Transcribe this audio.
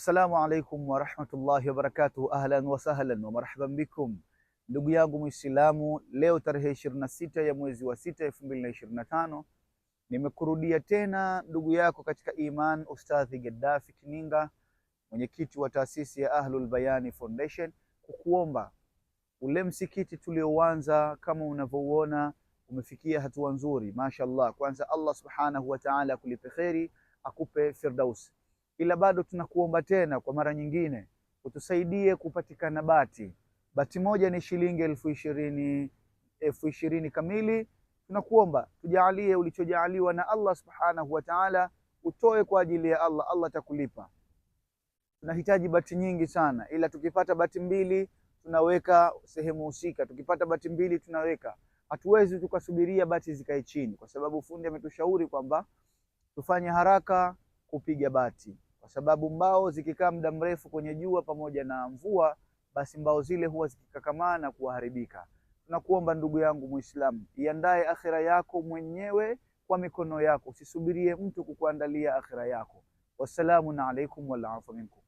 Assalamu alaikum warahmatullahi wabarakatuh, ahlan wa sahlan wa marhaban bikum. Ndugu yangu Muislamu, leo tarehe 26 sita ya mwezi wa sita elfu mbili na na tano nimekurudia tena ndugu yako katika iman, Ustadhi Gaddafi Kininga, mwenyekiti wa taasisi ya Ahlul Bayani Foundation, kukuomba ule msikiti tulioanza, kama unavyouona umefikia hatua nzuri, mashallah. Kwanza Allah subhanahu wa ta'ala akulipe kheri, akupe firdausi ila bado tunakuomba tena kwa mara nyingine utusaidie kupatikana bati. Bati moja ni shilingi elfu ishirini elfu ishirini kamili. Tunakuomba tujaalie ulichojaaliwa na Allah subhanahu wa ta'ala, utoe kwa ajili ya Allah, Allah atakulipa. Tunahitaji bati nyingi sana, ila tukipata bati mbili tunaweka sehemu husika, tukipata bati mbili tunaweka. Hatuwezi tukasubiria bati zikae chini, kwa sababu fundi ametushauri kwamba tufanye haraka kupiga bati sababu mbao zikikaa muda mrefu kwenye jua pamoja na mvua, basi mbao zile huwa zikikakamaa na kuharibika. Tunakuomba ndugu yangu Muislamu, iandae akhira yako mwenyewe kwa mikono yako, usisubirie mtu kukuandalia akhira yako. Wassalamu alaikum wal afu minkum.